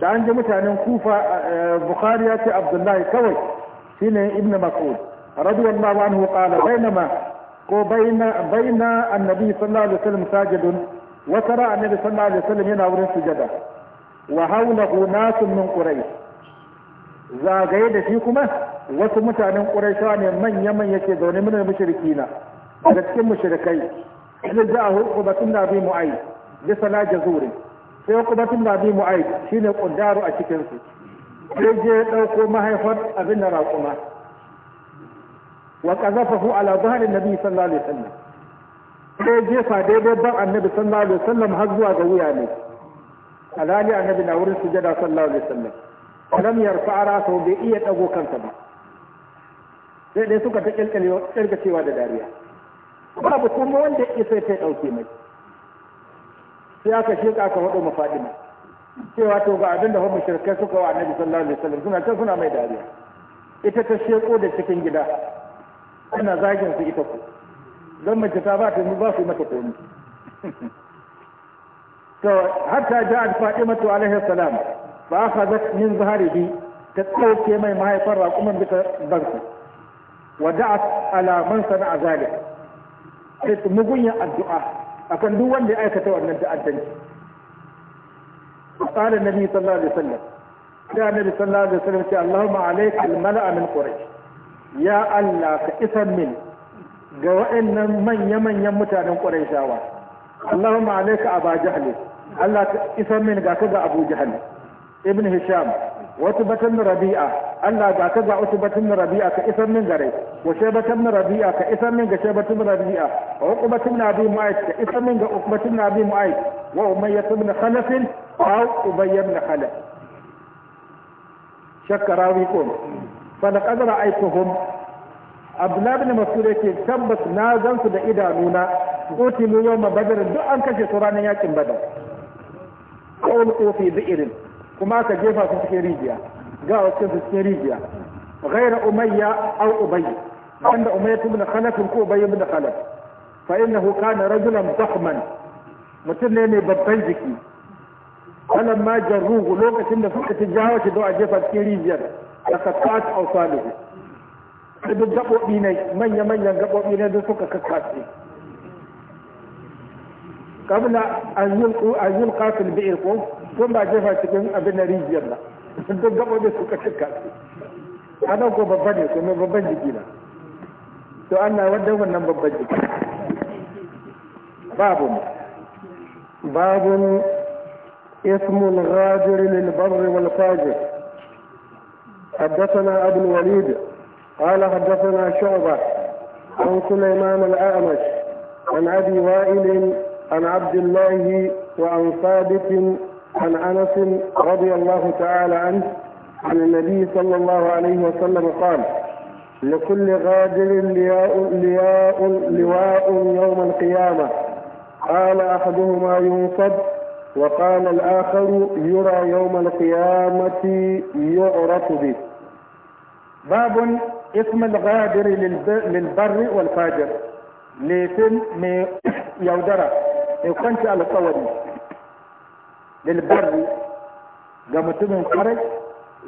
da an ji mutanen kufa eh, bukhari ya ce abdullahi kawai shine ibn mas'ud radiyallahu anhu qala bainama ko baina baina annabi sallallahu alaihi wasallam sajidun wa tara annabi sallallahu alaihi wasallam yana wurin sujada wa hawlahu nasun min quraish zagaye da shi kuma wasu mutanen quraishawa ne manya manya ke zaune mun mushrikina daga cikin mushrikai idan ja'a hukuma sunna bi mu'ayy bi salati zurin sai kuma tun na bi mu'ayi shi ne ƙundaru a cikinsu sai je ɗauko mahaifar abin da raƙuma wa ƙazafahu ala zuharin nabi sallallahu alaihi wasallam sai jefa daidai ban annabi sallallahu alaihi wasallam har zuwa ga wuya ne alhali annabi na wurin sujada sallallahu alaihi wasallam lam yarfa rasa bai iya ɗago kansa ba sai dai suka ta kirkacewa da dariya babu kuma wanda ya isa ta ɗauke mai sai aka sheka aka wado ma Fatima cewa to ga abin da fa mushrikai suka wa Annabi sallallahu alaihi wasallam suna ta suna mai dariya ita ta sheko da cikin gida ina zagin su ita ku don mace ta ba ta mu ba su mata komai to har ta hatta Fatima to alaihi salam fa akhadhat min zahrihi ta dauke mai mahaifar raƙuman bita barsa wada'at ala man sana'a zalika sai mugunya addu'a akan duk wanda ya aikata wannan ta'addanci qala nabi sallallahu alaihi wasallam ya nabi sallallahu alaihi wasallam ce allahumma alayka almala'a min quraish ya allah ka isar min ga wa'annan manyan manyan mutanen quraishawa allahumma alayka aba jahl allah ka isar min ga ka ga abu jahl ibn hisham wata batun rabi'a Allah ga ka ga wata batun rabi'a ka isar min gare wa shay batun rabi'a ka isar min ga shay batun rabi'a wa uqbatun nabi mu'ayt ka isar min ga uqbatun nabi mu'ayt wa umayyah ibn khalaf aw ubayy ibn khalaf shakkarawi ko fa da qadara aituhum abdullah ibn mas'ud yake tabbas na gansu da idanuna qutilu yawma badr duk an kashe su ranar yakin badar qawlu fi bi'rin kuma ka jefa su cikin rijiya ga wasu su cikin rijiya ghaira umayya aw ubayy wanda umayya ibn khalaf ko ubayy ibn khalaf fa innahu kana rajulan dhahman mutum ne mai babban jiki alam ma jarruhu lokacin da suka ci jawo shi don a jefa cikin rijiyar da ka tsata aw salihu duk gaɓoɓi ne manya-manyan gaɓoɓi ne da suka kakkace kabla an yulqa fil bi'r ko don ba jefa cikin abin da rijiyar ba don gaba ne suka cika su anan ko babba ne ko babban jiki na to an na wadda wannan babban jiki babu babu ismul ghadir lil barri wal fajir حدثنا أبو الوليد قال حدثنا شعبة عن سليمان الأعمش عن أبي وائل عن عبد الله وعن ثابت عن أنس رضي الله تعالى عنه عن النبي صلى الله عليه وسلم قال لكل غادر لياء لياء لواء يوم القيامة قال أحدهما ينصب وقال الآخر يرى يوم القيامة يعرف به باب اسم الغادر للبر والفاجر ليتم يودرة يكونش على الصور للبر ga mutumin خرج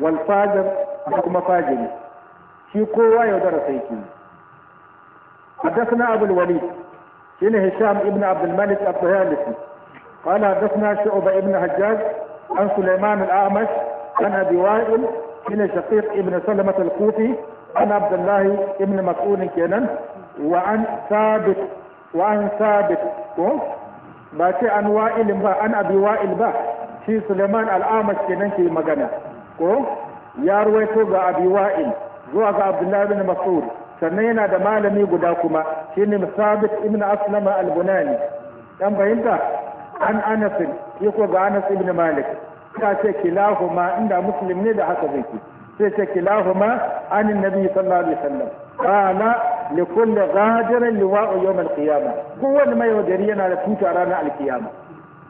والفاجر حكم da في fajiri shi حدثنا أبو الوليد شين هشام ابن عبد الملك الطيالسي قال حدثنا شعبة ابن حجاج عن سليمان الأعمش عن أبي وائل شين شقيق ابن سلمة الكوفي عن عبد الله ابن مسعود كينان وعن ثابت وعن ثابت ba ce an wa'ilin ba an abi wa'il ba shi suleiman al'amash kenan ke magana ko ya ruwaito ga abi wa'il zuwa ga abdullahi bin mas'ud sannan yana da malami guda kuma shine musabit ibn aslama al-bunani dan fahimta an anas ko ga anas ibn malik ta ce kilahuma inda muslim ne da haka zai ce sai ce kilahuma anin nabi sallallahu alaihi wasallam kana li kulli ghadirin liwa'u yawm al-qiyamah kowanne mai wajeri yana da tuta ranar al-qiyamah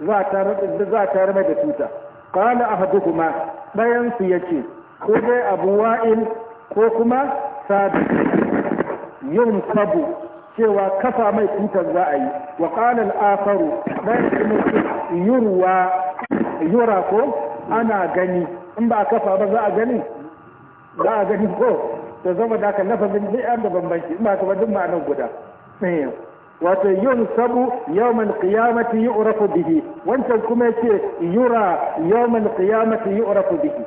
za ta rabu za ta rabu da tuta qala ahaduhuma dayan su yace ko dai abu wa'il ko kuma sabi yawm sabu cewa kafa mai tutar za a yi wa qala al-akharu dayan su yura ko ana gani in ba kafa ba za a gani ko to da aka lafazin duk an da bambanci ba ka duk ma'anar guda eh, wato yun sabu yawman qiyamati yu'rafu bihi wancan kuma ce yura yawman qiyamati yu'rafu bihi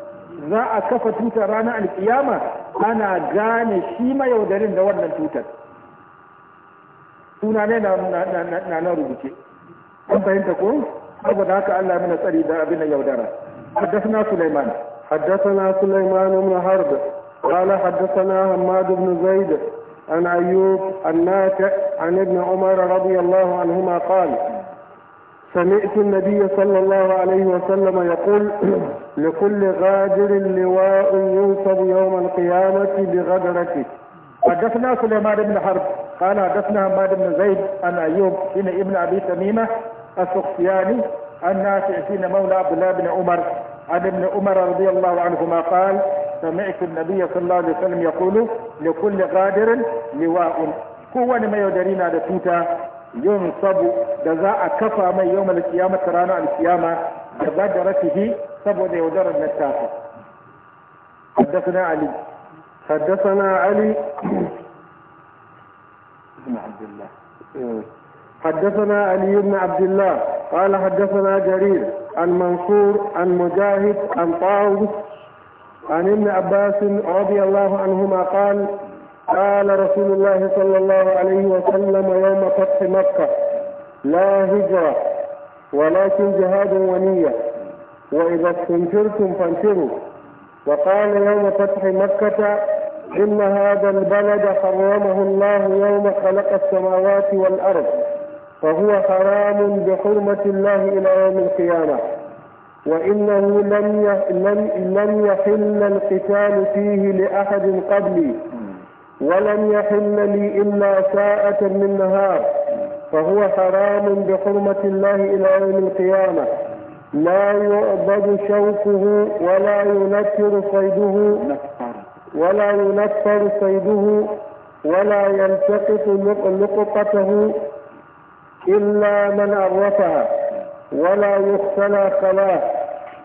za a kafa tutar ranar alkiyama ana gane shi mayaudarin da wannan tutar suna ne na nan rubuce an fahimta ko saboda haka Allah mina tsari da abin yaudara حدثنا سليمان حدثنا سليمان بن harba. قال حدثنا هماد بن زيد عن أيوب النافع عن ابن عمر رضي الله عنهما قال سمعت النبي صلى الله عليه وسلم يقول لكل غادر لواء ينصب يوم القيامة بغدرته حدثنا سليمان بن حرب قال حدثنا هماد بن زيد عن أيوب بن ابن أبي تميمة السخياني عن نافع مولى عبد الله بن عمر عن ابن عمر رضي الله عنهما قال سمعت النبي صلى الله عليه وسلم يقول لكل غادر لواء هو ما يدرينا na da tuta yin sabu da من يوم القيامة ترانا القيامة mai kiyama ta ranar حدثنا علي حدثنا علي بن عبد الله حدثنا علي بن عبد الله قال حدثنا جرير عن منصور عن مجاهد عن طاووس عن ابن عباس رضي الله عنهما قال قال رسول الله صلى الله عليه وسلم يوم فتح مكة لا هجرة ولكن جهاد ونية وإذا استنفرتم فانفروا وقال يوم فتح مكة إن هذا البلد حرمه الله يوم خلق السماوات والأرض فهو حرام بحرمة الله إلى يوم القيامة وإنه لم لم لم يحل القتال فيه لأحد قبلي ولم يحل لي إلا ساعة من نهار فهو حرام بحرمة الله إلى يوم القيامة لا يؤبد شوكه ولا ينفر صيده ولا ينفر صيده ولا يلتقط لقطته إلا من عرفها ولا يختلى صلاة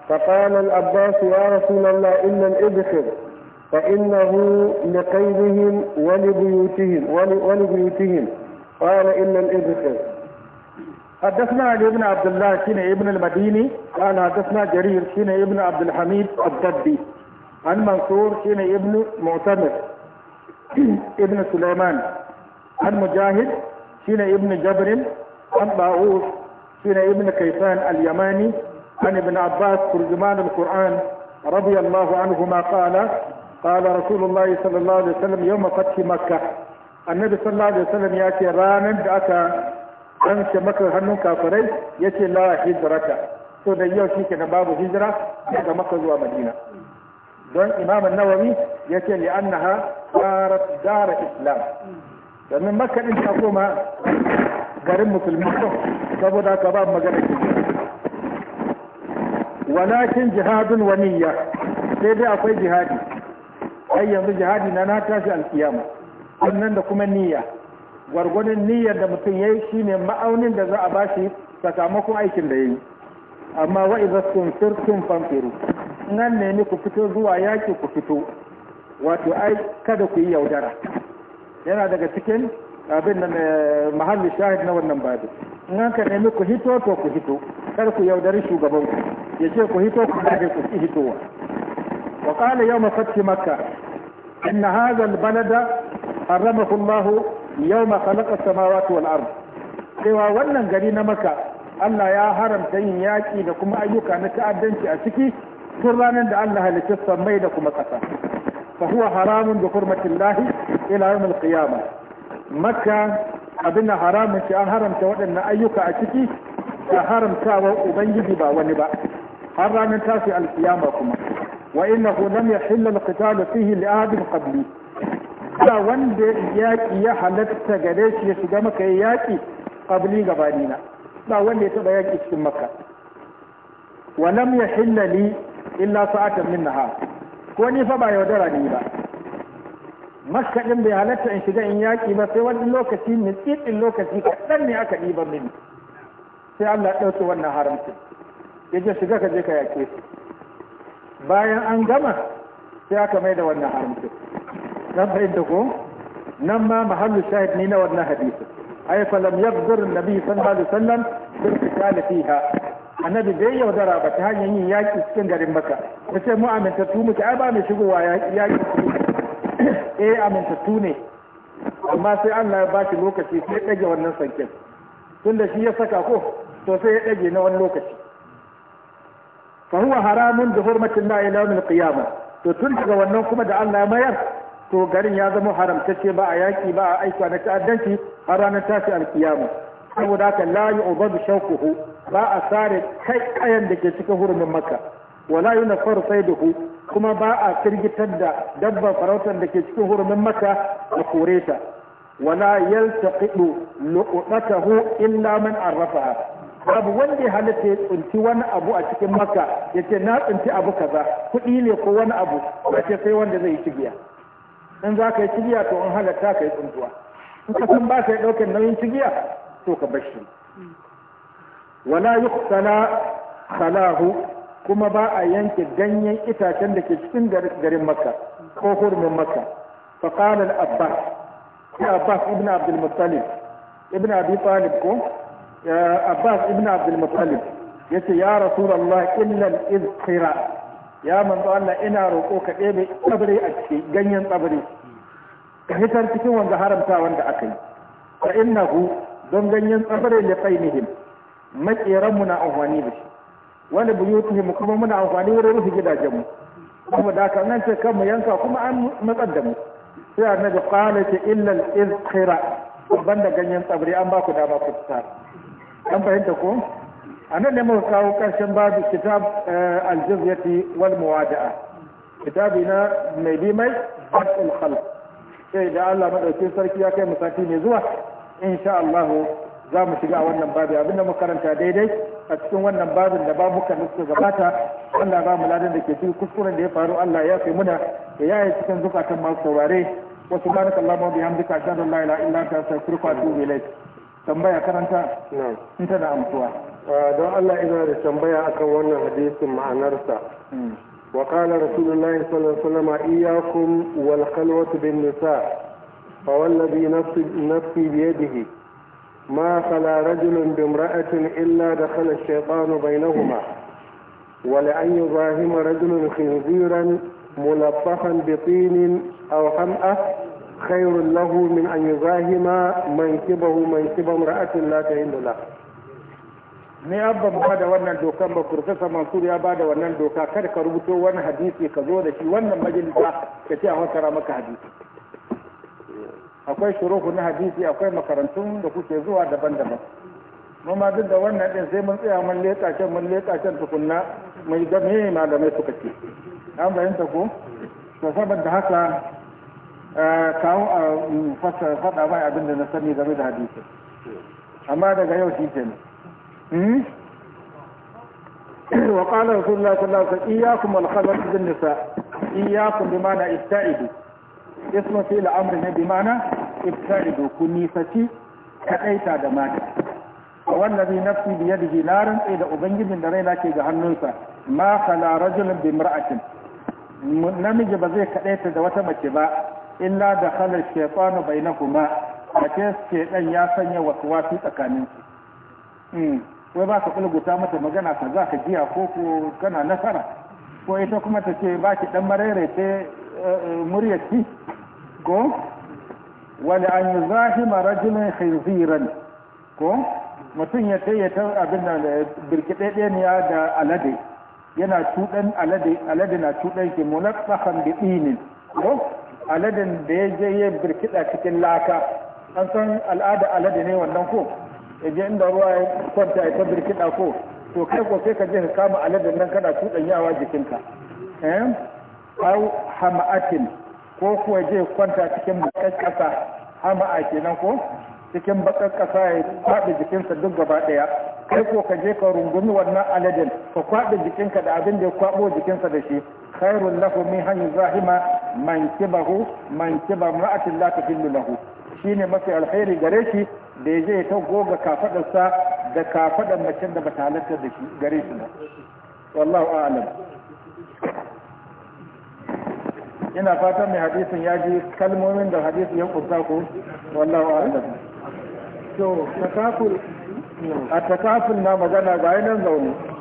فقال العباس يا رسول الله إلا الإبخر فإنه لقيدهم ولبيوتهم ولبيوتهم قال إلا الإبخر حدثنا علي بن عبد الله شين ابن المديني قال حدثنا جرير شين ابن عبد الحميد الدبي عن منصور شين ابن معتمر ابن سليمان عن مجاهد شين ابن جبر عن باعوث shine ibn kaisan al-yamani an ibn abbas turjuman al-qur'an radiyallahu anhuma qala qala rasulullahi sallallahu alaihi wasallam yawm fathi makkah annabi sallallahu alaihi wasallam ya ce ranar da aka ɗanke maka hannun kafirai ya ce la hijrata to da yau shi kenan babu hijira daga maka zuwa madina don imam nawawi ya ce li annaha qarat dar islam Da makka din koma garin musulmi saboda ka ba magana walakin jihadun waniyya sai dai akwai jihadi ai yanzu jihadi na na tashi alkiyama wannan da kuma niyya gwargwadon niyyar da mutum ya yi shi ne ma'aunin da za a ba shi sakamakon aikin da ya yi amma wa'iza sun firtun famfiru nan ne ni ku fito zuwa yaki ku fito wato ai kada ku yi yaudara yana daga cikin abin da eh, mahalli shahid na wannan babu in an ka nemi ku hito to ku hito kar ku yaudari shugaban ku ya ce ku hito ku dage ku ci hitowa wa qala yawma fathi makka إن هذا البلد حرمه الله يوم خلق السماوات والأرض cewa wannan gari na maka Allah ya haramta yin yaƙi da kuma ayyuka na ta'addanci a ciki tun ranar da Allah halitta sammai da kuma ƙasa fa huwa haramun bi hurmatin lahi ila maka. qiyamah makka abin haramun ce an haramta waɗannan ayyuka a ciki da haramtawar ubangiji ba wani ba har ranar tashi alkiyama kuma wa hu lam yahilla alqitalu fihi li ahadin qabli ba wanda yaƙi ya halatta gare shi ya shiga maka ya yaƙi qabli gabanina ba wanda ya taɓa yaƙi cikin maka wa lam yahilla li illa sa'atan min ha. ko ni fa ba yaudara ni ba makka din bai halatta in shiga in yaƙi ba sai wani lokaci tsitsin lokaci kaɗan ne aka ɗiba mini sai Allah ya ɗauke wannan haramci ya je shiga ka je ka yaƙe su bayan an gama sai aka mai da wannan haramci dan fahimta ko nan ma mahallu shahid ne na wannan hadisi ai lam yabdur nabi sallallahu alaihi wasallam bi qital fiha annabi bai yaudara ba ta hanyar yin yaƙi cikin garin makka yace mu amintattu muke ai ba mai shigowa yaƙi eh amintattu ne amma sai Allah ya bashi lokaci sai ya ɗage wannan sankin tunda shi ya saka ko to sai ya ɗage na wani lokaci fa huwa haramun da hurmatin la ilaha illa qiyama to tun daga wannan kuma da Allah ya mayar to garin ya zama haramtacce ba a yaki ba a aika na ta'addanci har ranar tashi alkiyama saboda haka la yu'badu shawquhu ba a sare kai kayan da ke cikin hurumin makka wala da ku kuma ba a firgitar da dabbar farautar da ke cikin hurumin maka a kore ta wala yaltaqidu luqatahu illa man arrafa. abu wanda ya halatta ya tsinci wani abu a cikin maka ya ce na tsunci abu kaza kuɗi ne ko wani abu ba ce sai wanda zai yi cigiya in za ka yi cigiya to in halatta ka yi tsintuwa in ka san ba ka yi ɗaukar nauyin cigiya to ka bar shi wala yuqtala khalahu kuma ba a yanke ganyen itacen da ke cikin garin makka ko hurumin makka fa qala abbas ya abbas ibn abd ibn abi talib ko abbas ibn abd ya ce yace ya rasulullah illa al izqira ya manzo Allah ina roƙo ka ɗebe tsabiri a cikin ganyen tsabiri ka hitar cikin wanda haramta wanda aka yi fa innahu don ganyen tsabiri li qainihim maƙeranmu na amfani da shi wani mu kuma muna amfani wurin rufe gidajenmu kuma da haka nan ce kanmu yanka kuma an matsar da mu sai annabi qala ta illa al-izkhira banda ganyen tsabri an ba ku dama ku tsar an fahimta ko anan ne mu kawo karshen babu kitab eh, al-jizyati wal muwada'a kitabi na mai bi mai al-khalq sai da Allah madaukin sarki ya kai mu sati mai zuwa insha Allah za mu shiga a wannan babi abinda mu karanta daidai a cikin wannan babin da babu kan suka gabata wanda ba mu ladan da ke cikin kuskuren da ya faru Allah ya kai muna da yayi cikin zukatan masu saurare wa subhanaka allahumma bihamdika ashhadu an la ilaha illa anta astaghfiruka wa atubu ilaik tambaya karanta in da amsuwa ah, don Allah ina da tambaya akan wannan hadisin ma'anarsa وقال رسول الله صلى الله عليه وسلم إياكم والخلوة بالنساء فوالذي نفسي بيده ما خلا رجل بامرأة إلا دخل الشيطان بينهما ولأن يباهم رجل خنزيرا ملطخا بطين أو حمأة خير له من أن يزاهم منكبه منكب امرأة لا تهل له ne abba ba da wannan dokan ba Profesa mansur ya ba da wannan doka kada ka rubuto wani hadisi ka zo da shi wannan majalisa ka ce a fassara maka hadisi akwai shuruhu na hadisi akwai makarantun da kuke zuwa daban-daban mu ma duk da wannan din sai mun tsaya mun leƙa can mun leƙa can tukunna mai ga me malamai suka ce an bayanta ko to saboda haka eh, kawo eh, a faɗa mai abin da na sani game da hadisi amma daga yau shi ke nan hmm? wa qala rasulullah sallallahu alaihi wasallam iyyakum al khabath bin nisa iyyakum bi ma'na ista'idu ismu fi al amr bi ma'na do ku nisaci kaɗaita da mata a wallazi nafsi bi yadihi la tsaye da ubangijin da raina ke ga hannunsa ma khala rajulun bi mar'atin namiji ba zai kaɗaita da wata mace ba illa da bai na kuma mace ce dan ya sanya waswasi tsakaninsu hmm, wai ba ka kulguta mata magana ka za ka jiya ko ko kana nasara ko ita kuma ta ce ba ki dan mararai ce eh, eh, muryarci ko wani an yi zahima rajulun hanziran ko mutum ya tayyata abin da eh, birkiɗe ne da alade yana cuɗan alade alade na cuɗan ki mulaqahan da ko aladen da ya je ya birkiɗa cikin laka an san al'ada alade ne wannan ko ya je inda ruwa ya kwanta ya ta birkiɗa ko to kai ko sai ka je ka kama aladen nan kana yawa jikinka eh aw hama'atin ko kuwa je kwanta cikin bakar ƙasa a kenan ko cikin bakar kasa ya kwaɗa jikinsa duk gaba ɗaya kai ko ka je ka rungumi wannan aladin ka kwaɓi jikinka da abin da ya kwaɓo jikinsa da shi khairun lahu min hanyar zahima man kibahu man kiba ma'atin la tafillu lahu shine mafi alkhairi gare shi da ya je ta goga kafaɗarsa da kafaɗar macen da bata halarta da shi gare shi ba wallahu a'lam ina fatan mai hadisin ya ji kalmomin da hadisi ya kusa ku wallahu a'lam to takaful a takaful na magana ga nan zaune